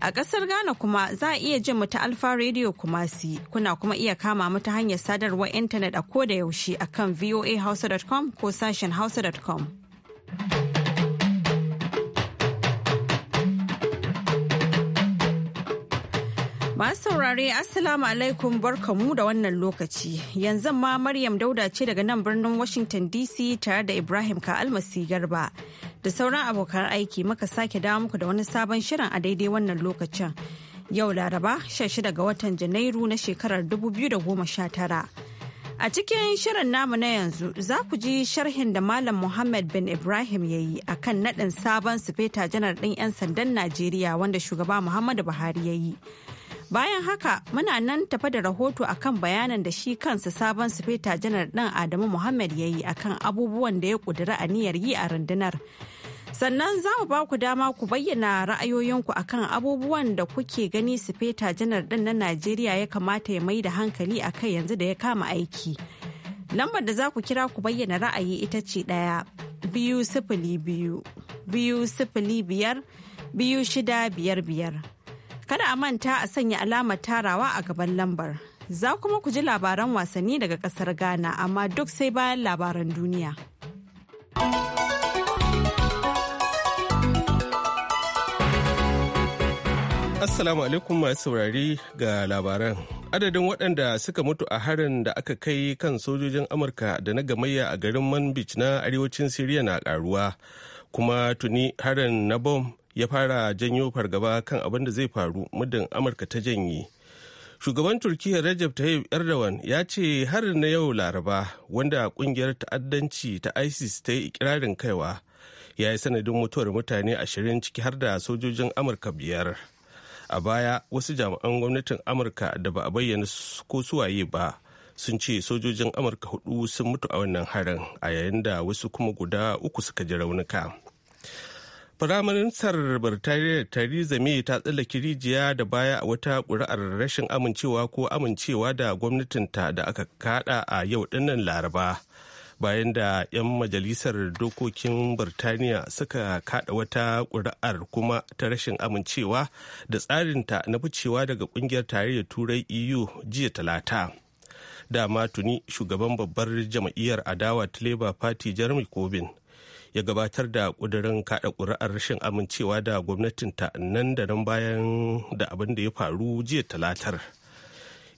A ƙasar Ghana kuma za a iya jin mu ta Alfa Radio Kumasi. Kuna kuma iya kama mu hanyar sadarwar intanet a ko da yaushe a kan voahausa.com ko sashen hausa.com. Masu saurare Assalamu alaikum barkamu da wannan lokaci. Yanzu ma Maryam Dauda ce daga nan birnin Washington DC tare da Ibrahim Ka'almasi Garba. da sauran abokan aiki muka sake dawo muku da wani sabon shirin a daidai wannan lokacin. Yau Laraba 16 ga watan Janairu na shekarar 2019. A cikin shirin namu na yanzu za ku ji sharhin da Malam Muhammad bin Ibrahim ya yi a kan naɗin sabon sufeta janar ɗin 'yan sandan Najeriya wanda shugaba Muhammadu Buhari ya yi. Bayan haka muna nan tafa da rahoto akan bayanan da shi kansa sabon sufeta janar ɗin Adamu Muhammad ya yi akan abubuwan da ya ƙudiri aniyar yi a rundunar. Sannan za mu ba ku dama ku bayyana ra'ayoyinku akan abubuwan da kuke gani sufeta janar ɗin na Najeriya ya kamata ya mai da hankali a yanzu da ya kama aiki. Lambar da za ku kira ku bayyana ra'ayi ita ce ɗaya biyu sifili biyu biyu sifili biyar biyu shida biyar biyar. Kada a manta a sanya alamar tarawa a gaban lambar. Za kuma ku ji labaran wasanni daga kasar Ghana amma duk sai bayan labaran duniya. Assalamu alaikum masu saurari ga labaran. Adadin waɗanda suka mutu a harin da aka kai kan sojojin Amurka da na gamayya a garin Manbij na arewacin Siriya na ƙaruwa. Kuma tuni harin na bom ya fara janyo fargaba kan abin da zai faru muddin amurka ta janye shugaban turkiyya rajab tayyip erdogan ya ce harin na yau laraba wanda kungiyar ta'addanci ta isis ta yi ikirarin kaiwa ya yi sanadin mutuwar mutane ashirin ciki har da sojojin amurka biyar a baya wasu jami'an gwamnatin amurka da ba a bayyana ko suwaye ba sun ce sojojin amurka hudu sun mutu a wannan harin a yayin da wasu kuma guda uku suka ji raunuka Firaministar Birtaniya Theresa May ta tsallake rijiya da baya a wata ƙuri'ar rashin amincewa ko amincewa da gwamnatinta da aka kada a yau dinnan Laraba. Bayan da 'yan majalisar dokokin Birtaniya suka kada wata ƙuri'ar kuma ta rashin amincewa da tsarinta na ficewa daga ƙungiyar tarayyar Turai EU jiya talata. Dama tuni shugaban babbar jam'iyyar adawa ta Labour Party Jeremy Corbyn ya gabatar da ƙudurin kaɗa ƙuri'ar rashin amincewa da gwamnatin nan da nan bayan da abin da ya faru jiya talatar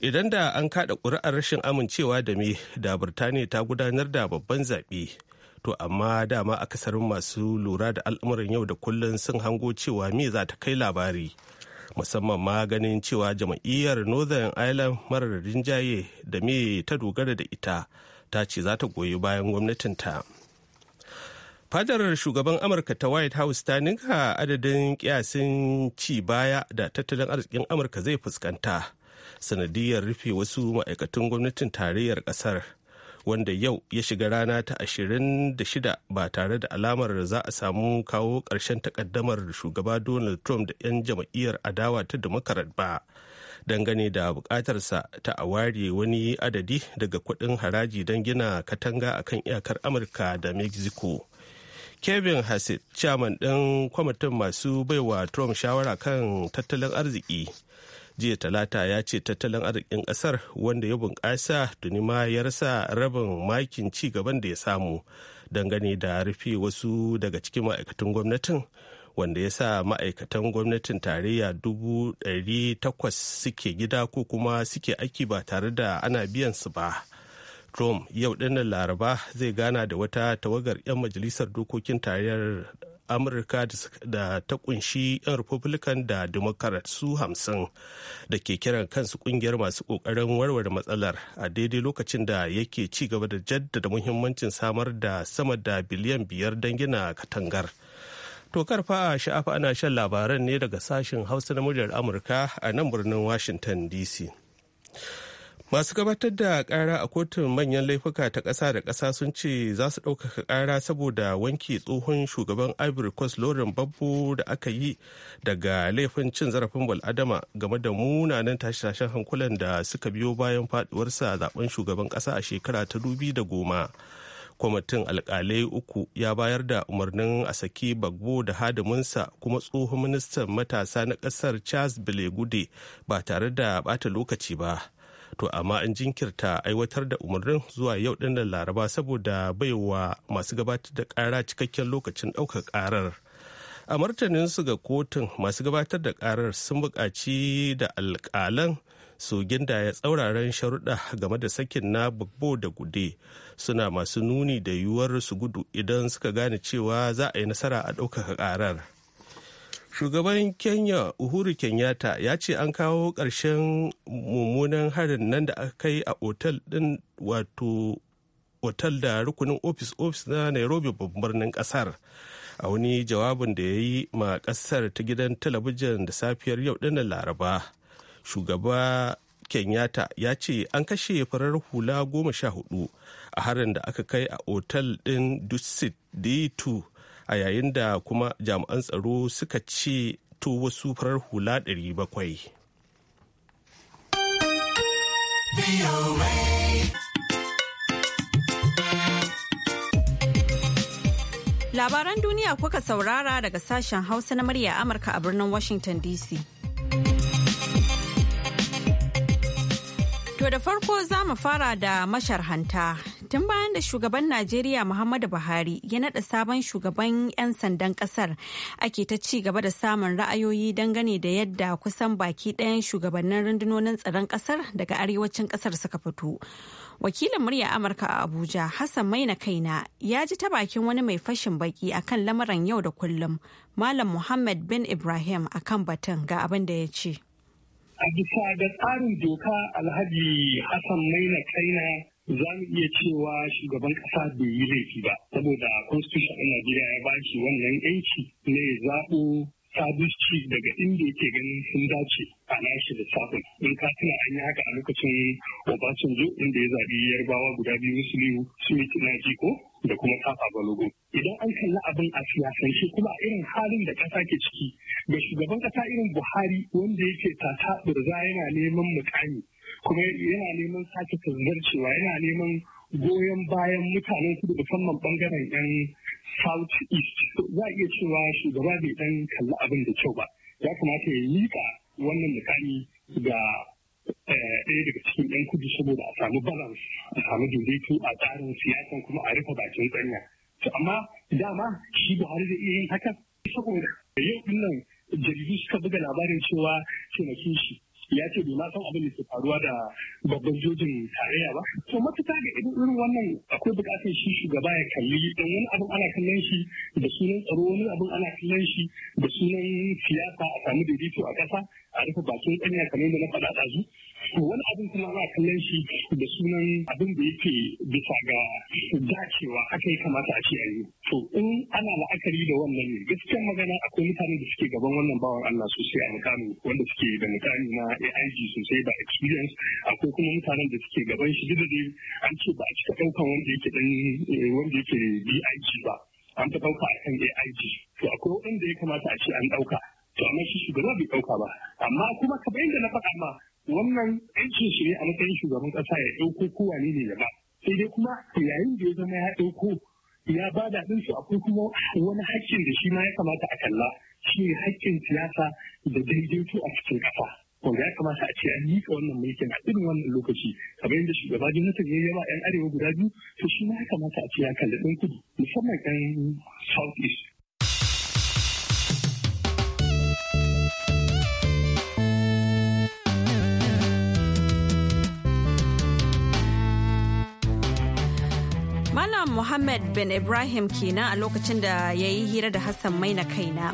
idan da an kaɗa ƙuri'ar rashin amincewa da me da birtaniya ta gudanar da babban zaɓe to amma dama akasarin masu lura da al'amuran yau da kullun sun hango cewa me za ta kai labari musamman ma ganin cewa jam'iyyar northern ireland marar rinjaye da me ta dogara da ita ta ce za ta goyi bayan gwamnatinta. ta fadarar shugaban amurka ta white house ta ninka adadin kiyasin ci baya da tattalin arzikin amurka zai fuskanta sanadiyar rufe wasu ma'aikatan gwamnatin tarayyar kasar wanda yau ya shiga rana ta 26 ba tare da alamar za a samu kawo ƙarshen takaddamar shugaba donald trump da 'yan jam'iyyar adawa ta democrat ba dangane da bukatarsa ta a ware wani adadi daga kuɗin haraji don gina katanga akan iyakar amurka da mexico kevin hassett chairman ɗin kwamitin masu baiwa trump shawara kan tattalin arziki jiya talata ya ce tattalin arzikin ƙasar wanda ya bunƙasa tuni ma ya rasa rabin makin ci gaban da ya samu dangane da rufe wasu daga cikin ma'aikatan gwamnatin wanda ya sa ma'aikatan gwamnatin tarayya dubu ɗari takwas suke gida ko kuma suke aiki ba tare da ana biyan su ba Trump yau dinnan Laraba zai gana da wata tawagar 'yan majalisar dokokin tarayyar Amurka da ta kunshi 'yan Republican da Democrat su hamsin da ke kiran kansu kungiyar masu kokarin warware matsalar a daidai lokacin da yake ci gaba da jaddada muhimmancin samar da sama da biliyan biyar don gina katangar. To karfa a sha'afa ana shan labaran ne daga sashen Hausa na muryar Amurka a nan birnin Washington DC. masu gabatar da kara a kotun manyan laifuka ta ƙasa da ƙasa sun ce za su ɗaukaka kara saboda wanke tsohon shugaban ivory coast lauren babbo da aka yi daga laifin cin zarafin bal'adama game da munanan tashe-tashen hankulan da suka biyo bayan faduwarsa a zaben shugaban ƙasa a shekara ta dubi da goma kwamitin alkalai uku ya bayar da umarnin a saki bagbo da hadiminsa kuma tsohon ministan matasa na ƙasar charles belegude ba tare da bata lokaci ba to amma an jinkirta aiwatar da umarnin zuwa yau nan laraba saboda baiwa masu gabatar da kara cikakken lokacin ɗaukar karar a su ga kotun masu gabatar da karar sun buƙaci da alƙalan su ya tsauraran sharuɗa game da sakin na babbo da gude suna masu nuni da yiwuwar su gudu idan suka gane cewa za a yi nasara a ɗaukaka ƙarar. shugaban kenya uhuru kenyatta ya ce an kawo ƙarshen mummunan harin nan da aka kai a otal ɗin wato otal da rukunin ofis ofis na nairobi birnin ƙasar a wani jawabin da ya yi ma ƙasar ta gidan talabijin da safiyar yau ɗinnan laraba shugaba kenyatta ya ce an kashe farar hula goma sha hudu a harin da aka kai a otal ɗin dusit d2 a yayin da kuma jami'an tsaro suka ce to wasu farar hula 700. Labaran duniya kuka saurara daga sashen Hausa na murya Amurka a birnin Washington DC. To da farko za mu fara da masharhanta Tun bayan da shugaban Najeriya Muhammadu Buhari ya naɗa sabon shugaban 'yan sandan ƙasar ake ta ci gaba da samun ra'ayoyi dangane da yadda kusan baki ɗayan shugabannin rundunonin tsaron ƙasar daga arewacin ƙasar suka fito. Wakilin murya Amurka a Abuja Hassan Maina Kaina ya ji ta bakin wani mai fashin baki akan lamarin yau da kullum Malam Muhammad bin Ibrahim akan batun ga abin da ya ce. A bisa ga tsarin doka Alhaji Hassan Maina Kaina za mu iya cewa shugaban kasa bai yi laifi ba saboda constitution ɗin najeriya ya ba shi wannan yanci ne zaɓo sabisci daga inda yake ganin sun dace a nashi da sabon in ka tuna an yi haka a lokacin obasanjo inda ya zaɓi yarbawa guda biyu musulmi su na jiko da kuma kafa balogo idan an kalli abin a siyasance kuma irin halin da kasa ke ciki ga shugaban kasa irin buhari wanda yake tata burza yana neman mukami kuma yana neman sake cewa yana neman goyon bayan mutanen kudu musamman bangaren yan south east za a iya cewa shugaba bai dan kalli abin da kyau ba ya kamata ya yi ka wannan mutane ga eh, ɗaya daga cikin yan kudu saboda a samu balance a samu daidaito a tsarin siyasan kuma a rufe bakin tsanya to amma dama shi buhari zai iya yin hakan saboda yau ɗin jaridu suka buga labarin cewa taimakin shi ya ce bai san abin da ke faruwa da babban jojin tarayya ba to matuƙa ga irin irin wannan akwai bukatar shi shugaba ya kalli don wani abin ana kallon shi da sunan tsaro wani abin ana kallon shi da sunan siyasa a samu daidaito a ƙasa a rufe bakin ƙanya kamar da na faɗa ɗazu to wani abin kuma za a kallon shi da sunan abin da yake bisa ga dacewa aka yi kamata a ce a yi to in ana la'akari da wannan ne gaskiyar magana akwai mutane da suke gaban wannan bawan Allah sosai a mukami wanda suke da mukami na AIG sosai da experience akwai kuma mutanen da suke gaban shi duk da dai an ce ba a cika ɗaukan wanda yake dan eh, wanda yake BIG ba an ta ɗauka akan AIG to akwai wanda ya kamata a ci an ɗauka to amma shi shugaba bai ɗauka ba amma kuma kamar yadda na faɗa ma wannan aikin shi ne a matsayin shugaban ƙasa ya ɗauko kowa ne gaba sai dai kuma yayin da ya zama ya ɗauko ya ba da su akwai kuma wani haƙƙin da shi ma ya kamata a kalla shi ne haƙƙin siyasa da daidaito a cikin kasa wanda ya kamata a ce an miƙa wannan mulkin a irin wannan lokaci kamar yadda shugaba jonathan ya yawa yan arewa guda biyu to shi ma ya kamata a ce ya kalli ɗan kudu musamman ɗan south east Muhammad bin Ibrahim kenan a lokacin da ya yi hira da Hassan Maina kaina.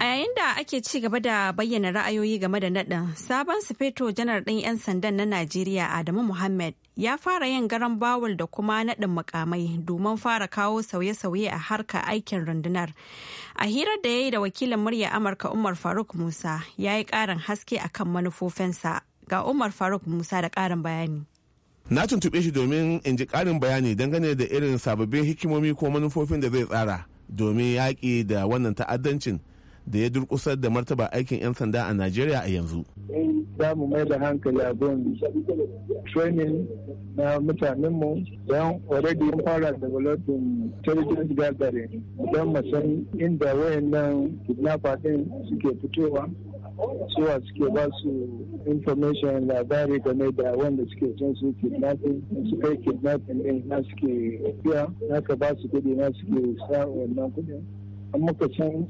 A yayin da ake ci gaba da bayyana ra'ayoyi game da naɗin, sabon sufeto janar ɗin 'yan sandan na Najeriya Adamu Muhammad ya fara yin garan bawul da kuma naɗin mukamai domin fara kawo sauye-sauye a harka aikin rundunar. A hirar da ya yi da wakilin murya Amurka Umar Faruk Musa ya yi ƙarin haske a kan manufofinsa. Ga Umar Faruk Musa da ƙarin bayani. na tuntuɓe shi domin in ji ƙarin bayani dangane da irin sababbin hikimomi ko manufofin da zai tsara domin yaƙi da wannan ta'addancin da ya durƙusar da martaba aikin 'yan sanda a najeriya a yanzu eh, za mu mai da hankali a gun training na mutanenmu don already mun fara developing intelligence gathering don mu san inda wayannan kidnapper din suke fitowa cewa suke ba su information labari game da wanda suke son su kidnapping su kai kidnapping din na suke biya na ka ba su kudi na suke sa wannan kudin an muka san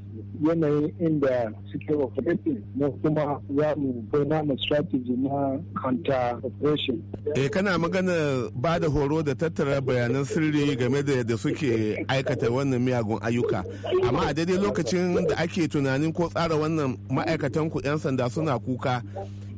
yanayin inda suke operating na kuma za mu gona na strategy na counter operation. Eh kana magana ba da horo da tattara bayanan sirri game da yadda suke aikata wannan miyagun ayyuka. Amma a daidai lokacin da ake tunanin ko tsara wannan ma'aikatan ku 'yan sanda suna kuka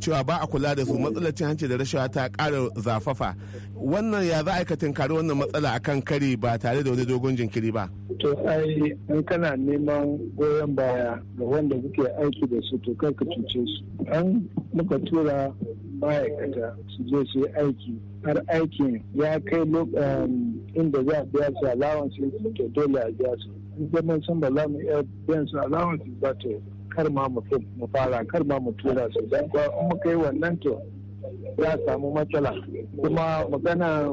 cewa ba a kula da su matsalar cin hanci da rashawa ta kara zafafa wannan ya za a tinkari wannan matsala akan kari ba tare da wani dogon jinkiri ba to ai in kana neman goyon baya ga wanda kuke aiki da su to kar ka cuce su an muka tura ma'aikata su je su yi aiki har aikin ya kai um, inda za a biya su alawansu to dole a biya su in zama san ba za mu iya biyan su alawansu ba to kar ma mu fara kar ma mu tura su don kuwa in muka yi wannan to ya samu matsala kuma magana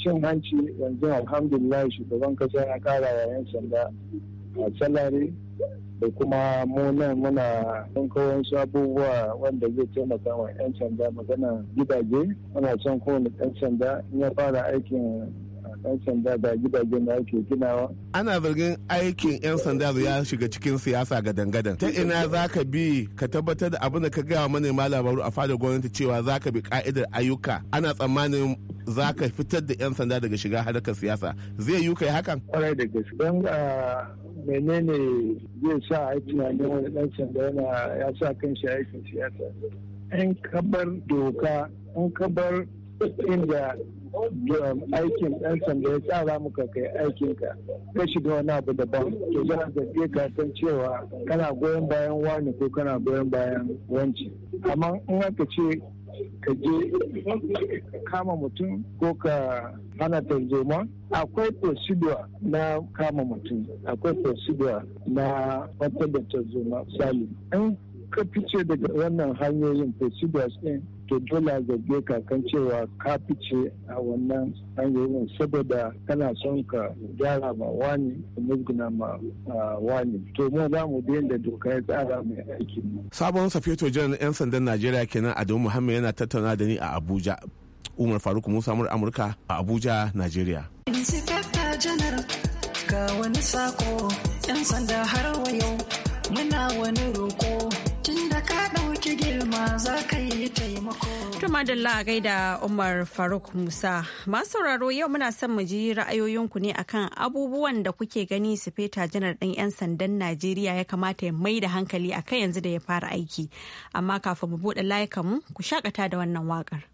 cin hanci yanzu alhamdulillah shugaban kasa ya kara yayin sanda a salari da kuma mu nan muna sun kawon su abubuwa wanda zai taimaka wa 'yan sanda magana gidaje muna son kowane 'yan sanda in ya fara aikin 'yan sanda da gidajen da ake ginawa. Ana zargin aikin 'yan sanda da ya shiga cikin siyasa ga dangadan. Ta ina za ka bi ka tabbatar da abin da ka gaya manema labaru a fadar gwamnati cewa za ka bi ka'idar ayyuka. Ana tsammanin za ka fitar da 'yan sanda daga shiga harkar siyasa. Zai yi kai hakan? Kwarai da gaske. Don ah, menene zai sa a yi tunanin wani ɗan sanda yana ya sa kan shi aikin siyasa. An kabar doka, An kabar inda aikin ɗan sanda ya tsara muka kai aikinka ka shiga wani abu daban to za a zarge ka san cewa kana goyon bayan wani ko kana goyon bayan wanci amma in aka ce ka je kama mutum ko ka hana tarzoma akwai procedure na kama mutum akwai procedure na wata da tarzoma sali ka fice daga wannan hanyoyin procedures ɗin to dole a ka cewa ka fice a wannan hanyoyin saboda kana son ka gyara ma wani da musguna ma wani to mu za mu biyan da doka ya tsara mai aiki sabon safeto janar yan sandan najeriya kenan adamu muhammad yana tattauna da ni a abuja umar faruk musa mur amurka a abuja najeriya ga wani sako yan sanda har wa yau muna wani roko tunda ka ɗauki girma za taimako. gaida Umar Faruk Musa. Masu sauraro yau muna son mu ji ra'ayoyinku ne akan abubuwan da kuke gani su feta janar ɗin 'yan sandan Najeriya ya kamata ya mai da hankali a yanzu da ya fara aiki. Amma kafin mu buɗe mu ku shakata da wannan waƙar.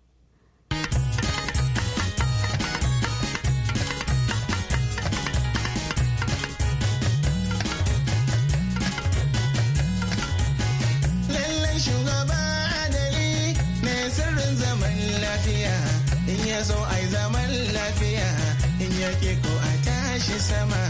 so ai zaman lafiya in yake ko a tashi sama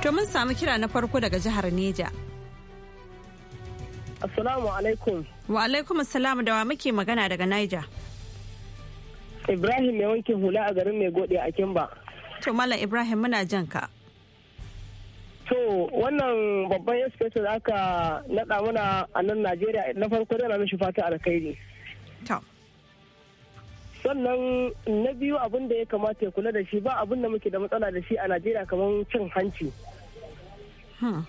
To mun samu kira na farko daga jihar Neja. Assalamu alaikum. Wa alaikum assalamu da wa muke magana daga Niger. Ibrahim mai wanke hula a garin mai gode a Kimba. To mala Ibrahim muna jan ka. To wannan babban inspector da aka naɗa mana a nan Najeriya na farko da mishi fata alkhairi. To. Sannan na biyu abin da ya kamata ya kula da shi ba abin da muke da matsala da shi a Najeriya kamar cin hanci. Hmm.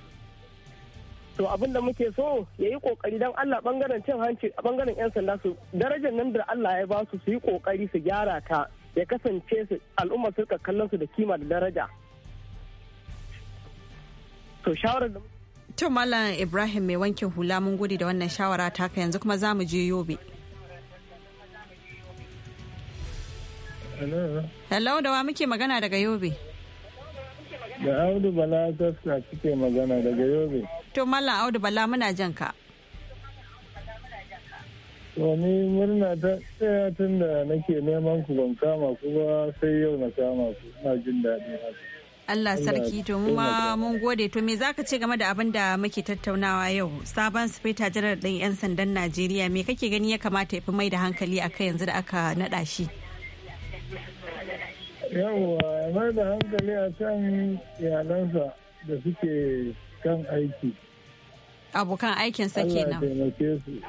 to abin da muke so ya yi kokari don allah bangaren cin hanci a bangaren 'yan sanda su darajar nan da allah ya ba su su yi kokari su gyara ta ya kasance su al'umma su kallon su da kima da daraja to shawarar da to malam ibrahim mai wankin hula mun gudi da wannan shawara taka yanzu kuma za mu je yobe hello da wa muke magana daga yobe Da Audu Bala sassa cike magana daga Yobe. To Mallam Audu Bala muna jan ka. ni murna ta tsaya tun da nake neman ku ban kama ku ba sai yau na kama ku na jin daɗi Allah sarki to mu ma mun gode to me zaka ce game da abin da muke tattaunawa yau sabon sufeta janar ɗin 'yan sandan Najeriya me kake gani ya kamata ya fi mai da hankali a kai yanzu da aka naɗa shi. yawwa mai da hankali a kan iyalansa da suke kan aiki abokan aikinsa kenan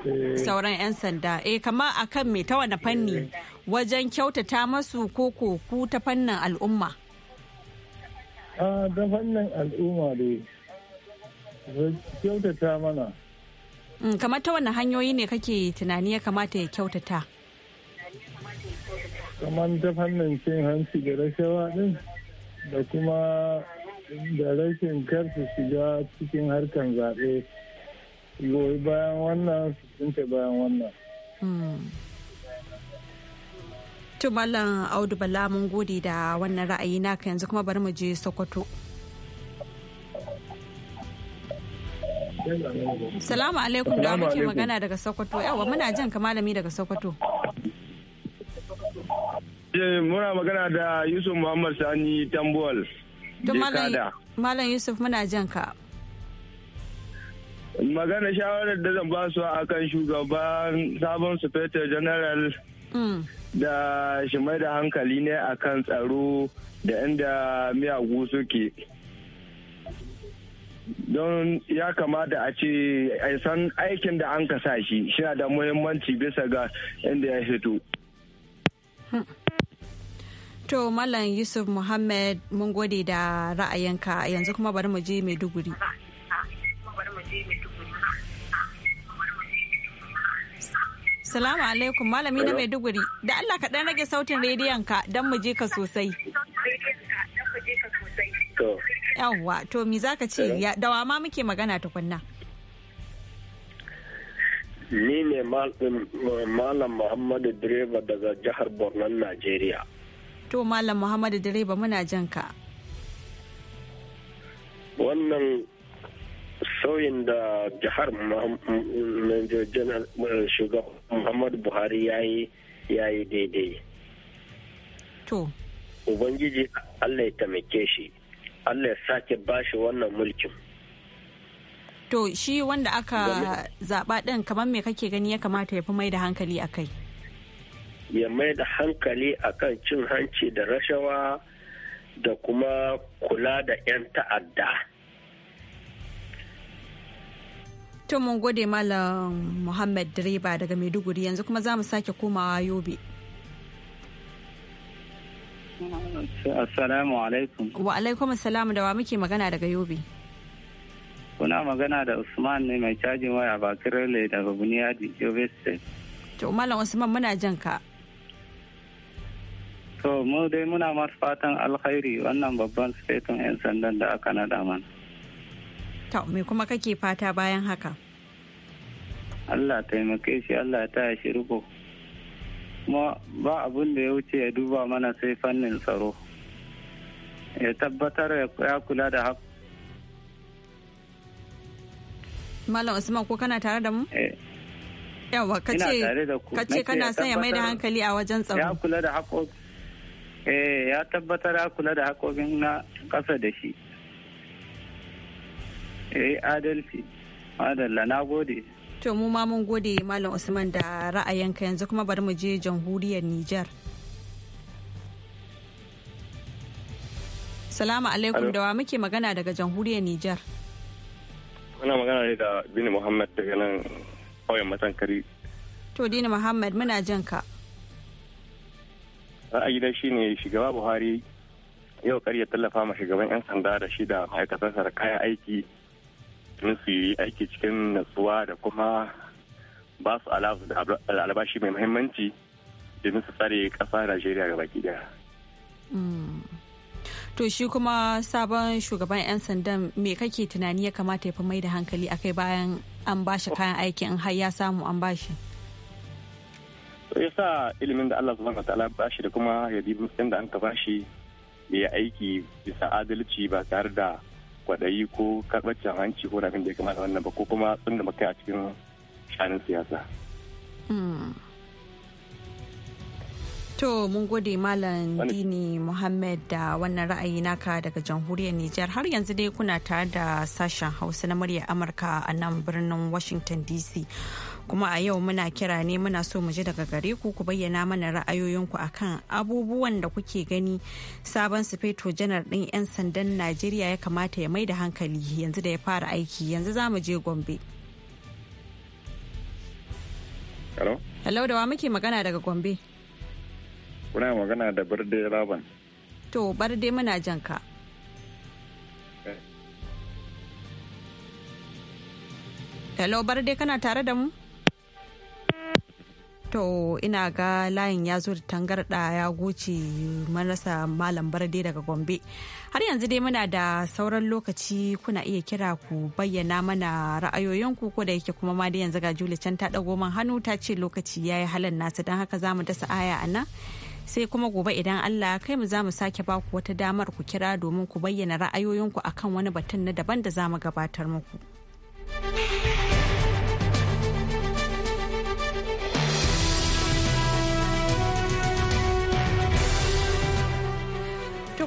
eh. sauran 'yan sanda eh kama a kan me ta wani fanni eh. wajen kyautata masu koko ku ta fannin al'umma a ta fannin al'umma dai kyautata mana mm, kamar ta wani hanyoyi ne kake tunani ya kamata ya kyautata kamar ta fannin cin hanci da rashawa din da kuma da rashin kar shiga cikin harkan zaɓe goyi bayan wannan su bayan wannan hmm. to Audu Bala mun gode da wannan ra'ayi naka yanzu kuma bari mu je Sokoto. Salamu alaikum da muke magana daga Sokoto. Yawa muna jan ka malami daga Sokoto. Eh, muna magana da Yusuf Muhammad Sani Tambuwal. Malam Yusuf muna jan ka. Magana shawarar da zan ba su a kan shugaban sabon sufetar general mm. da shi mai da hankali ne a kan tsaro da inda miyagu suke. don ya kamata a ce a san aikin da an sa shi shi da muhimmanci bisa ga inda ya fito. Hmm. To Malam Yusuf Muhammad mun gode da ra'ayinka yanzu kuma bari mu je Maiduguri. Salamu alaikum malami na Maiduguri. Da Allah ka dan rage sautin rediyon ka dan mu je ka sosai. Yawwa, to mi ka ce dawa ma muke magana tukunna. Ni ne Malam Muhammadu Direba daga jihar Borno, Najeriya. To Malam Muhammadu Direba muna jan ka. Wannan sauyin da jihar shugaban Muhammadu Buhari ya yi daidai. To. Ubangiji Allah ya taimake shi, Allah ya sake bashi wannan mulkin. To shi wanda aka zaba ɗin kamar me kake gani ya kamata ya fi mai da hankali a kai? ya mai da hankali akan cin hanci da rashawa da kuma kula da 'yan ta'adda. To mun gode Malam Muhammad Direba daga Maiduguri yanzu kuma za mu sake komawa Yobe. Assalamu alaikum. Wa alaikum assalam da wa muke magana daga Yobe. Kuna magana da Usman ne mai cajin waya ba da daga Buniyadi Yobe State. To Malam Usman muna jan ka. To mu dai muna masu fatan alkhairi wannan babban sufetin 'yan sandan da aka nada mana. Ta me kuma kake fata bayan haka? Allah taimake shi Allah ta shi riko. Kuma ba abun da ya wuce ya duba mana sai fannin tsaro. Ya tabbatar ya kula da haka. Malam Usman ko kana tare da mu? Yawa kace kace kana son ya mai da hankali a wajen tsaro. Ya kula da haƙoƙi eh ya tabbatar a kula da haƙoƙin na ƙasa da shi eh adalci adalla na gode to mu ma mun gode malam usman da ra'ayinka yanzu kuma bari mu je jamhuriyar niger salamu alaikum da wa muke magana daga jamhuriyar niger muna magana ne da bini muhammad daga nan ƙauyen matankari to dini muhammad muna jan ka ra'ayina shine shugaba buhari yau karya tallafa ma shugaban 'yan sanda da shi da ma'aikatansa da kayan aiki domin su yi aiki cikin natsuwa da kuma ba su da albashi mai muhimmanci domin su tsare kasa najeriya ga baki daya hmm. to shi kuma sabon shugaban 'yan sandan me kake tunani ya kamata ya fi mai da hankali akai bayan an bashi kayan aikin har ya samu an bashi. shi ya sa ilimin da Allah subhanahu wataala ba shi da kuma ya bi mutum da an ka bashi ya aiki bisa adalci ba tare da kwaɗayi ko karɓar hanci ko abin da ya kamata wannan ba ko kuma da makai a cikin shanun siyasa. Hmm. To mun gode Malam Dini Muhammad da wannan ra'ayi naka daga jamhuriyar Nijar har yanzu dai kuna tare da sashen Hausa na murya Amurka a nan birnin Washington DC. kuma a yau muna kira ne muna so mu ji daga gare ku ku bayyana mana ra'ayoyinku akan abubuwan da kuke gani sabon sufeto janar ɗin 'yan sandan najeriya ya kamata ya mai da hankali yanzu da ya fara aiki yanzu za mu je gombe hello da wa muke magana daga gombe kuna magana da birde raban to birde muna janka ka Hello, Barde kana tare da mu? to ina ga layin ya zo da tangarɗa ya goce marasa malam barde daga gombe har yanzu dai muna da sauran lokaci kuna iya kira ku bayyana mana ra'ayoyinku ko da yake kuma ma dai yanzu ga juli can ta ɗago man hannu ta ce lokaci ya yi halin nasu don haka za mu dasa aya a nan sai kuma gobe idan Allah kai mu za mu sake baku wata damar ku kira domin ku bayyana ra'ayoyinku akan wani batun na daban da za mu gabatar muku.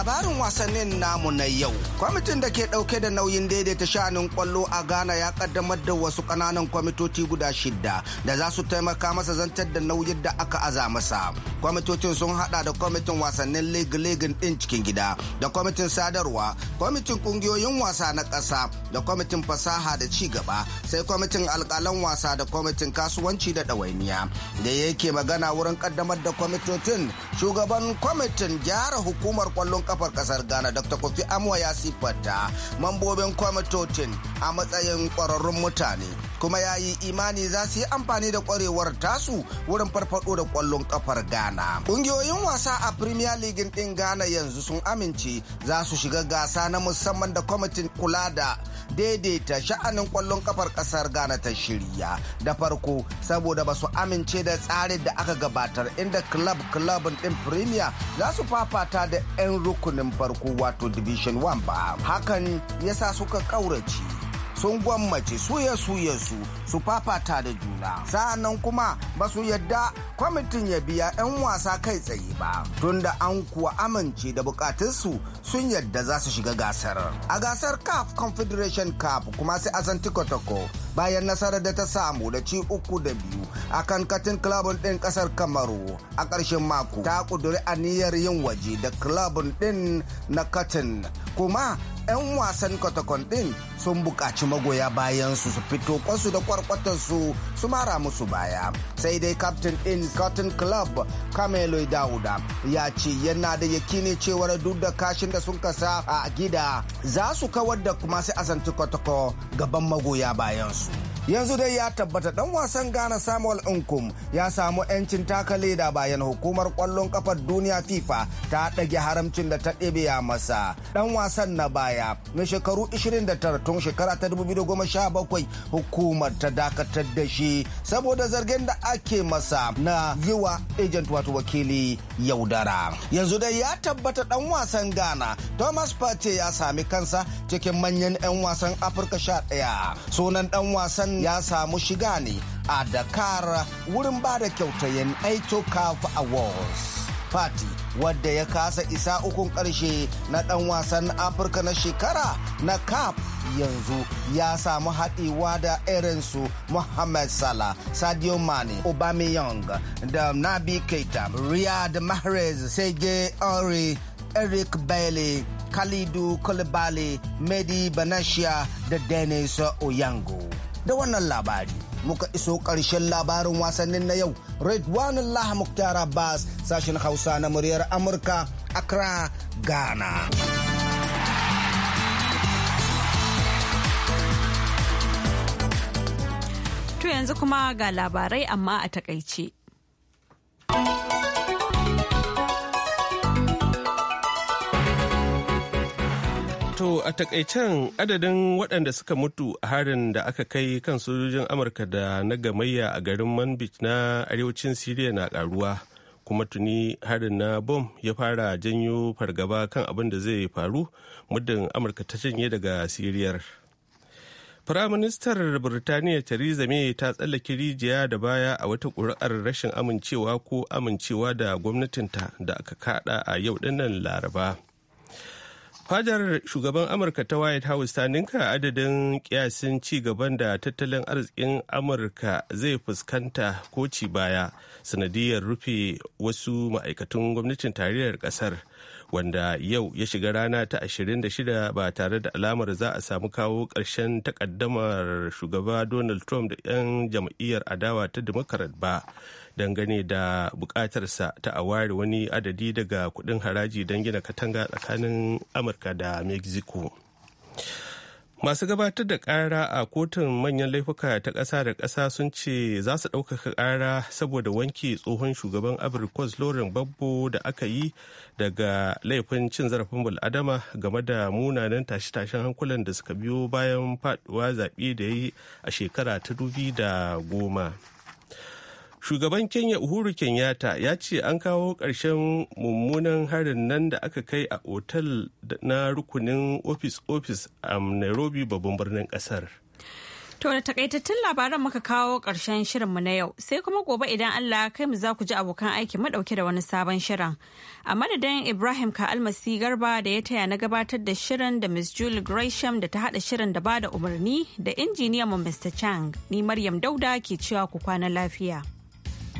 labarin wasannin namu na yau. Kwamitin da ke ɗauke da nauyin daidaita sha'anin kwallo a Ghana ya kaddamar da wasu kananan kwamitoci guda shida da za su taimaka masa zantar da nauyin da aka aza masa. Kwamitocin sun hada da kwamitin wasannin ligin din cikin gida da kwamitin sadarwa, kwamitin ƙungiyoyin wasa na kasa da kwamitin fasaha da ci gaba sai kwamitin alkalan wasa da kwamitin kasuwanci da ɗawainiya. Da yake magana wurin kaddamar da kwamitocin shugaban kwamitin gyara hukumar kwallon kafar kasar ghana dr kofi amwa ya siffanta mambobin kwamitocin a matsayin kwararrun mutane kuma ya yi imani za su yi amfani da kwarewar tasu wurin farfado da kwallon kafar ghana ƙungiyoyin wasa a premier league ɗin ghana yanzu sun amince za su shiga gasa na musamman da kwamitin kula da daidaita sha'anin kwallon kafar ƙasar ghana ta shirya da farko saboda ba su amince da tsarin da aka gabatar inda club club din premier za su fafata da 'yan rukunin farko wato division 1 ba hakan yasa suka ƙauraci. sun gwammace suya suya su fafata da juna sa'annan kuma ba su yadda kwamitin ya biya 'yan wasa kai tsaye ba tunda an kuwa amince da bukatunsu sun yadda za su shiga gasar a gasar caf confederation cup kuma sai a san tikotoko bayan nasarar da ta samu da ci uku da biyu a kan katin kilabun ɗin ƙasar kamaru a ƙarshen mako ta ƙuduri aniyar yin waje da kilabun ɗin na katin kuma 'yan wasan kwatakwan ɗin sun buƙaci magoya bayan su fito kwasu da kwarkwatarsu su mara musu baya sai dai captain ɗin cotton club kamelo dauda ya ce yana da yakini cewar duk da kashin da sun kasa a gida za su kawar da masu azanci kwatako gaban magoya bayansu. yanzu dai ya tabbata dan wasan Ghana Samuel inkum ya samu 'yancin taka leda bayan hukumar kwallon kafar duniya FIFA ta ɗage haramcin da ta ɗebe masa dan wasan na baya baya na shekaru 29 tun shekara ta 2017 hukumar ta dakatar da shi saboda zargin da ake masa na yiwa agent wato wakili yaudara yanzu dai ya tabbata dan wasan ghana thomas pate ya sami kansa cikin manyan 'yan wasan afirka sha 11 sunan dan wasan ya samu shiga ne a dakar wurin ba da kyautayen aito cup awards party wadda ya kasa isa ukun karshe na dan wasan afirka na shekara na cap yanzu ya samu haɗewa da irinsu Mohamed Salah, Sadio Mane, Aubameyang da Nabi Keita, Riyad Mahrez, sege Henry, Eric Bailey, Kalidu Kulibali medi Banashia da Dennis Oyango. Da wannan labari. muka iso ƙarshen labarin wasannin na yau redwanin laha Mukhtar abbas sashen hausa na muryar amurka accra ghana to yanzu kuma ga labarai amma a takaice To a takaicen adadin waɗanda suka mutu a harin da aka kai kan sojojin Amurka da na gamayya a garin Manbij na arewacin Siriya na ƙaruwa. kuma tuni harin na bom ya fara janyo fargaba kan abin da zai faru muddin amurka ta janye daga siriyar firaministar birtaniya theresa may ta tsallake rijiya da baya a wata ƙuri'ar rashin amincewa ko amincewa da gwamnatinta da aka kaɗa a yau dinnan laraba fadar shugaban amurka ta white house ta ninka adadin kiyasin ci gaban da tattalin arzikin amurka zai fuskanta ko ci baya sanadiyar rufe wasu ma'aikatan gwamnatin tarayyar kasar wanda yau ya shiga rana ta 26 ba tare da alamar za a samu kawo ƙarshen takaddamar shugaba donald trump da 'yan jam'iyyar adawa ta democrat ba dangane da bukatarsa ta a ware wani adadi daga kudin haraji don gina katanga tsakanin amurka da mexico masu gabatar da ƙara a kotun manyan laifuka ta ƙasa da ƙasa sun ce za su ɗaukaka ƙara saboda wanke tsohon shugaban abirkos lorin babbo da aka yi daga laifin cin zarafin bul'adama game da munanan tashe-tashen hankulan da suka biyo bayan faduwa zaɓe da ya yi a shekara ta dubi da goma. shugaban kenya uhuru kenyatta ya ce an kawo ƙarshen mummunan harin nan da aka kai a otal na rukunin ofis-ofis a nairobi babban birnin kasar. to da takaitattun labaran muka kawo ƙarshen shirinmu na yau sai kuma gobe idan allah kai mu za ku ji abokan aiki madauke da wani sabon shirin a madadin ibrahim ka almasi garba da ya taya na gabatar da shirin da miss julie gresham da ta haɗa shirin da ba da umarni da injiniyan mu mr chang ni maryam dauda ke cewa ku kwana lafiya